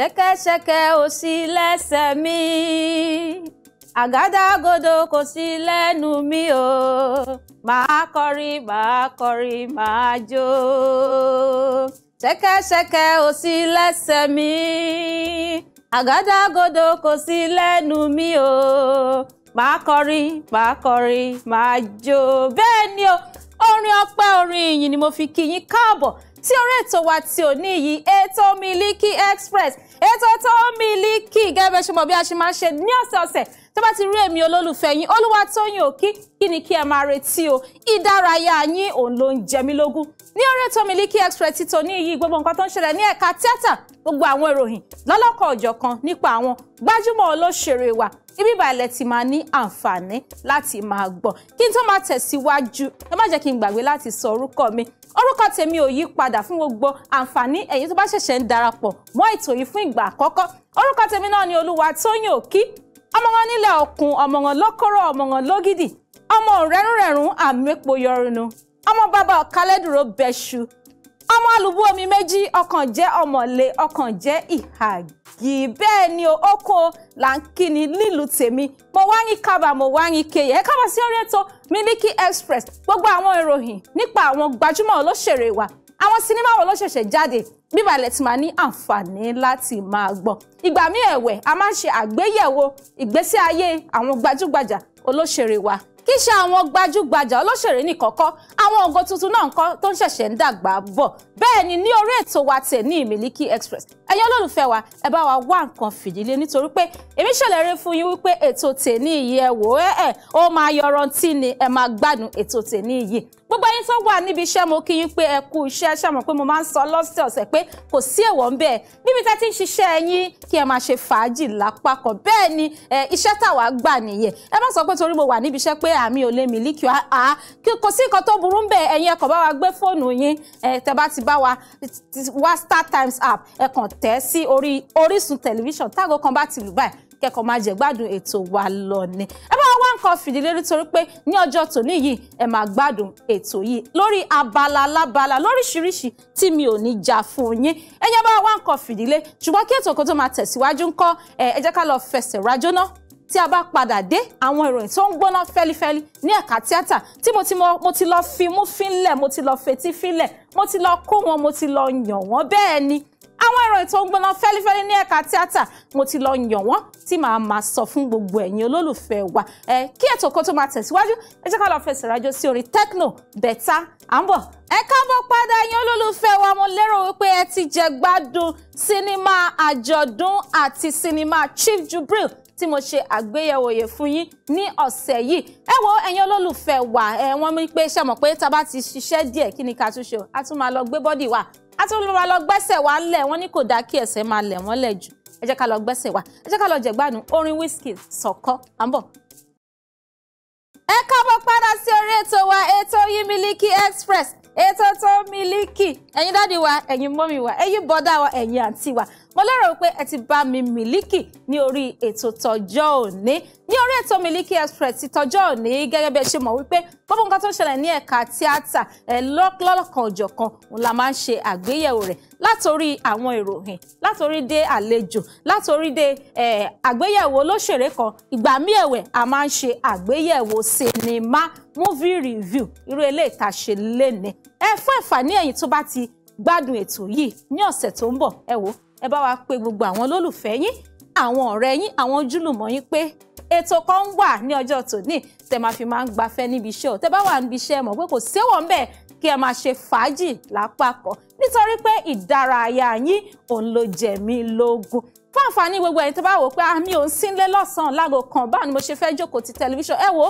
ṣẹ̀kẹ̀ṣẹ̀kẹ̀ ò sí lẹ́sẹ̀ mi àgádágodo kò sí lẹ́nu mi o màá kọrin màá kọrin màá jó ṣẹ̀kẹ̀ṣẹ̀kẹ̀ ò sí lẹ́sẹ̀ mi àgádágodo kò sí lẹ́nu mi o màá kọrin màá kọrin màá jó bẹ́ẹ̀ ni o orin ọpẹ́ orin ìyìn ni mo fi kí yín káàbọ̀ sí orí ètò wa tí ò ní yìí ètò Miliki Express ètò tó Miliki gẹ́gẹ́ bẹ́ẹ̀ ṣe mọ̀ bí a ṣe máa ń ṣe ní ọ̀sẹ̀ọ̀sẹ̀ tó bá ti rí èmi olólùfẹ́ yín Olúwatóyìn Òkí kí ni kí ẹ máa retí o ìdárayá yín òun ló ń jẹ mí lógún ní ọ̀rẹ́ tó Miliki Express títọ́ ní iyì gbogbo nǹkan tó ń ṣẹlẹ̀ ní ẹ̀ka tíátà gbogbo àwọn ìròyìn lọ́lọ́kọ̀ ọ̀jọ̀kan nípa àwọn gbajúmọ̀ olóṣèré wa ibi ìbàlẹ̀ ti máa ní àǹfààní láti máa gbọ́ kí n tó máa tẹ̀síwájú ẹ má jẹ́ kí n gbàgbé láti sọ orúkọ mi orúkọ tèmi ò yí padà fún gbogbo àǹfààní ẹ̀yin tó bá ṣẹ̀ṣẹ̀ ń darapọ̀ mọ́ ètò yìí fún ìgbà àkọ́kọ́ orúkọ tèmi náà ni olúwa tóyìn òkí ọmọ wọn nílẹ̀ ọ̀kùn ọmọ wọn lọ́kọ́rọ̀ ọmọ wọn lógìdì ọmọ rẹ̀rùnrẹ̀rùn àmẹ́pọ̀ yọrùnú ọmọ bàbá ọ̀kálẹ́dùró bẹ́ṣu ọmọ alùbú omi méjì ọkàn jẹ́ ọmọlé ọkàn jẹ́ ìhàgì bẹ́ẹ̀ ni o oko là ń kíni nílùú tèmi mo wá ní kábà mo wá ní kéye ẹ kábà sí orí ètò Miliki Express gbogbo àwọn ìròyìn nípa àwọn gbajúmọ̀ olóṣèré wa àwọn sinimá wo ló ṣẹ̀ṣẹ̀ jáde bíbalẹ̀ tí máa ní àǹfààní láti máa gbọ́ ìgbà míì ẹ̀wẹ̀ a máa ń ṣe àgbéyẹ̀wò ìgbésí ayé àwọn gbajúgbajà olóṣèré wa kì í ṣe àwọn gbajúgbajà olóṣèré nìkan kọ́ àwọn ògo tuntun náà ń kọ́ tó ń ṣẹ̀ṣẹ̀ ń dàgbà bọ̀ bẹ́ẹ̀ ni ní orí ètò wa tẹ̀ ní Miliki Express ẹ̀yin olólùfẹ́ wa ẹ bá wa wá nǹkan fìdílé nítorí pé èmi ṣèlérí fún yín wípé ètò tèmi yìí ẹ wò ẹ ẹ ó máa yọrantí ni ẹ máa gbádùn ètò tèmi yìí gbogbo yín tó wà níbi iṣẹ́ mo kí yín pé ẹ kú iṣẹ́ ṣàmọ̀ pé mo máa ń sọ lọ́sẹ̀ ọ̀sẹ̀ pé kò sí èèwọ̀ ń bẹ̀ níbi tá ti ń ṣiṣẹ́ yín kí ẹ máa ṣe fàájì lápá kan bẹ́ẹ̀ ni iṣẹ́ táwa gbà nìyẹn ẹ má sọ pé torí mo wà níbi iṣẹ́ pé àmì ò lè mílíkì á kí kò sí nǹkan tó burú ń bẹ̀ ẹ̀yin ẹ̀kọ́ bá wa gbé fóònù yín tẹ́ bá ti bá wa wá Star Times app ẹ kàn tẹ̀ sí orí Orísun tẹlifíṣàn táàgó kan bá ti lù báyìí kẹ́kọ̀ọ́ máa jẹ gbádùn ètò wa lọ ni ẹ bá wá nǹkan fìdílé nítorí pé ní ọjọ́ tòní yìí ẹ máa gbádùn ètò yìí lórí abala alábala lóríṣiríṣi tí mi ò ní jà fún yín ẹ jẹ́ bá wá nǹkan fìdílé ṣùgbọ́n kí ètò kan tó máa tẹ̀síwájú ńkọ́ ẹ jẹ́ ká lọ fẹsẹ̀ rájó náà tí a bá padà dé àwọn ìròyìn tó ń gbóná fẹ́lifẹ́li ní ẹ̀ka tíátà tí mo ti mo ti lọ fimú fínlẹ̀ mo ti lọ fetí fínlẹ̀ mo ti lọ kó wọn mo ti lọ yàn wọ́n bẹ́ẹ̀ ni àwọn ìròyìn tó ń gbóná fẹ́lifẹ́li ní ẹ̀ka tíátà mo ti lọ yàn wọ́n tí màá máa sọ fún gbogbo ẹ̀yin olólùfẹ́ wa ẹ kí ètò kó tó máa tẹ̀síwájú ẹ jẹ́ ká lọ fẹsẹ̀ rájò sí orin Tekno Beta à ń bọ̀ ẹ káàbọ̀ padà yín olólùfẹ́ wa mo lérò wípé ẹ ti jẹ gbádùn sinimá àjọ̀dún àti sinimá Chief Jubril tí mo ṣe àgbéyẹ̀wò yẹn fún yín ní ọ̀sẹ̀ yìí ẹ wo ẹ̀yin olólùfẹ́ wa ẹ wọ́n mú pé ṣe mọ̀ pé tá bá ti ṣiṣẹ́ díẹ̀ kí ni ká tún ṣe o a tún máa lọ gbé bọ́dì wa a tún máa lọ gbẹ́sẹ̀ wa lẹ̀ wọ́n ní kò dáa kí ẹsẹ̀ máa lẹ̀ wọ́n lẹ̀ jù ẹ jẹ́ ká lọ gbẹ́sẹ̀ wa ẹ jẹ́ ká lọ jẹ̀gbádùn orin Wizkid sọ̀kọ́ à ń bọ̀. ẹ káàbọ̀ padà sí orí ètò wa ètò yìí Miliki Express ètò tó Miliki ẹ̀yin dáàdi wa ẹ̀yin mọ́mì wa ẹ̀yin bọ́dà wa ẹ̀yin àǹtí wa mo lérò pé ẹ ti bá mi Miliki ní orí ètò tọjọ́ òní ní orí ètò Miliki Express ti tọjọ́ òní gẹ́gẹ́ bí ẹ ṣe mọ̀ wípé gbogbo nǹkan tó ń ṣẹlẹ̀ ní ẹ̀ka tíátà ẹ̀ lọ́lọ́kan òjọ̀kan òun la máa ń ṣe àgbéyẹ̀wò rẹ̀ látòrí àwọn ìròyìn látòrí dé àlejò látòrí dé àgbéyẹ̀wò olóṣèré kan ìgbà míì a máa ń ṣe àgbéyẹ̀wò sinimá movie review irú eléyìí tá a ṣe lénìí ẹ fún àǹfààní ẹ̀yin tó bá ti gbádùn ètò yìí ní ọ̀sẹ̀ tó ń bọ̀ ẹ wò ẹ bá wa pè gbogbo àwọn olólùfẹ́ yín àwọn ọ̀rẹ́ yín àwọn ojúlùmọ̀ yín pé ètò kan ń wà ní ọjọ́ tòní tẹ máa fi máa ń gbafẹ́ níbi iṣẹ́ ò tẹ bá wà níbi iṣẹ́ mọ̀ pé kò séwọ̀n ń bẹ̀ kí ẹ máa ṣe fàájì lápapọ̀ nítorí pé ìdárayá yín òun ló jẹ mí lógún fún àǹfààní gbogbo ẹ̀yin tó bá wò pé àmì ah, òun sínlé lọ́sàn-án kan báwo ni mo ṣe fẹ́ jókòó ti tẹlifíṣàn ẹ wò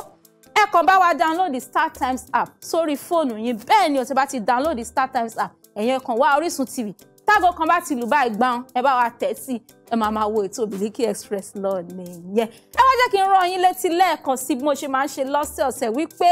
ẹ kàn bá wa download the Star Times app sórí fóònù yín bẹ́ẹ̀ ni o bá ti download the Star Times app ẹ̀yin ẹ kàn wá Orísun TV tágo kan bá ti lù báyìí gbọ́n ẹ bá wa tẹ̀ sí ẹ máa máa wo ètò Bílíkì Express lọ nìyẹn. ẹ wá jẹ́ kí n rán yín létí lẹ́ẹ̀kan sí bí mo ṣe máa ń ṣe lọ́sẹ̀ọ̀sẹ̀ wípé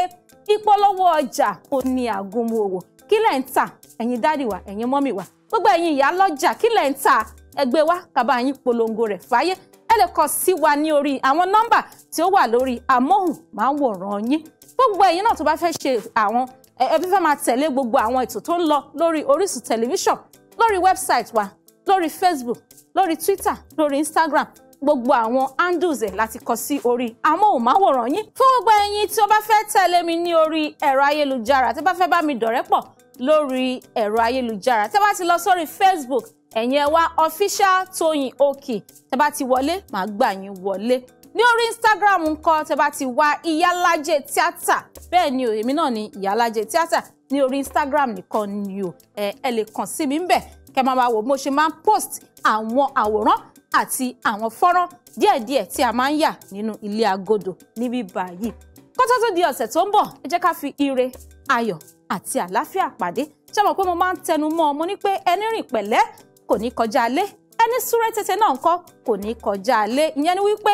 ìpolówó ọjà kò ní àgúnmu òwò kí lẹ̀ ń tà ẹ̀yin dádì wa ẹ̀yin mọ́mì wa gbogbo ẹ̀yin ìyá lọ́jà kí lẹ̀ ń tà ẹgbẹ́ wa ká yín polongo rẹ̀ fáyé ẹ lè kàn sí wa ní orí àwọn nọ́mbà tí ó wà lórí amóhùnmáwòrán yín gbogbo ẹ̀yin náà tó bá fẹ́ ṣe àwọn ẹbí fẹ́ máa tẹ̀lé gbogbo àwọn ètò tó ń lọ lórí Orísun tẹlifíṣàn lórí wẹ́bsáìtì wa lórí Facebook lórí Twitter lórí Instagram gbogbo àwọn handles ẹ̀ láti kọ sí orí amóhùnmáwòrán yín fún gbogbo ẹ̀yin tí ó bá fẹ́ tẹ̀lé mi ní orí ẹ̀rọ ayélujára tí ó bá fẹ́ bá mi dọ̀rẹ́ pọ̀ lórí ẹ̀rọ ayélujára tẹ́ bá ti lọ sórí Facebook ẹ̀yin ẹ wá official Tóyìn Òkì tẹ́ bá ti wọlé màá gbà yín wọlé ní orí Instagram ńkọ́ tẹ́ bá ti wá ìyálájẹ tíátà bẹ́ẹ̀ ni o èmi náà ni ìyálájẹ tíátà ní orí Instagram nìkan ni o ẹ ẹ lè kàn sí mi ńbẹ̀ kẹ́ máa máa wò mo ṣe máa ń post àwọn àwòrán àti àwọn fọ́nrán díẹ̀díẹ̀ tí a máa ń yà nínú ilé agodo níbí báyìí kó tó tó di ọ̀sẹ̀ tó ń bọ̀ ẹ jẹ́ ká fi ire ayọ̀ àti àlàáfíà pàdé ṣé mo pé mo máa ń tẹnu mọ́ ọmọ ní pé ẹni rìn pẹ̀lẹ́ kò ní kọjá alé ẹni súré tètè náà ńkọ́ kò ní kọjá alé ìyẹn ni wípé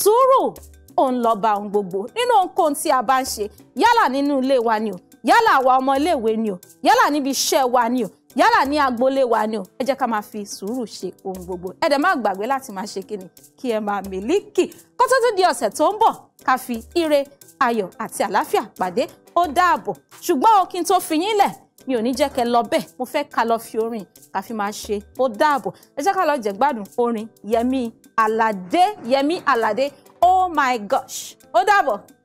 sùúrù òun lọ́ba òun gbogbo nínú ohunkóhun tí a bá ń ṣe yálà nínú ilé wa ni o yálà àwa ọmọ iléèwé ni o yálà níbi iṣẹ́ wa ni o yálà ní agboolé wa ni o ẹ jẹ́ ká máa fi sùúrù ṣe ohun gbogbo ẹ dẹ̀ má gbàgbé láti máa ṣe kíni kí ẹ máa mílíkì kó tó tún di ọ̀sẹ̀ tó ń bọ̀ ká fi ire ayọ̀ àti àlàáfíà pàdé ó dáàbò ṣùgbọ́n o kí n tó fi yín lẹ̀ mi ò ní jẹ́ kẹ́ lọ bẹ́ẹ̀ mo fẹ́ ká lọ fi orin ká fi máa ṣe ó dáàbò ẹ jẹ́ ká lọ jẹ̀gbádùn orin Yẹmí Aládé Yẹmí Aládé oh my gosh ó dáàbò.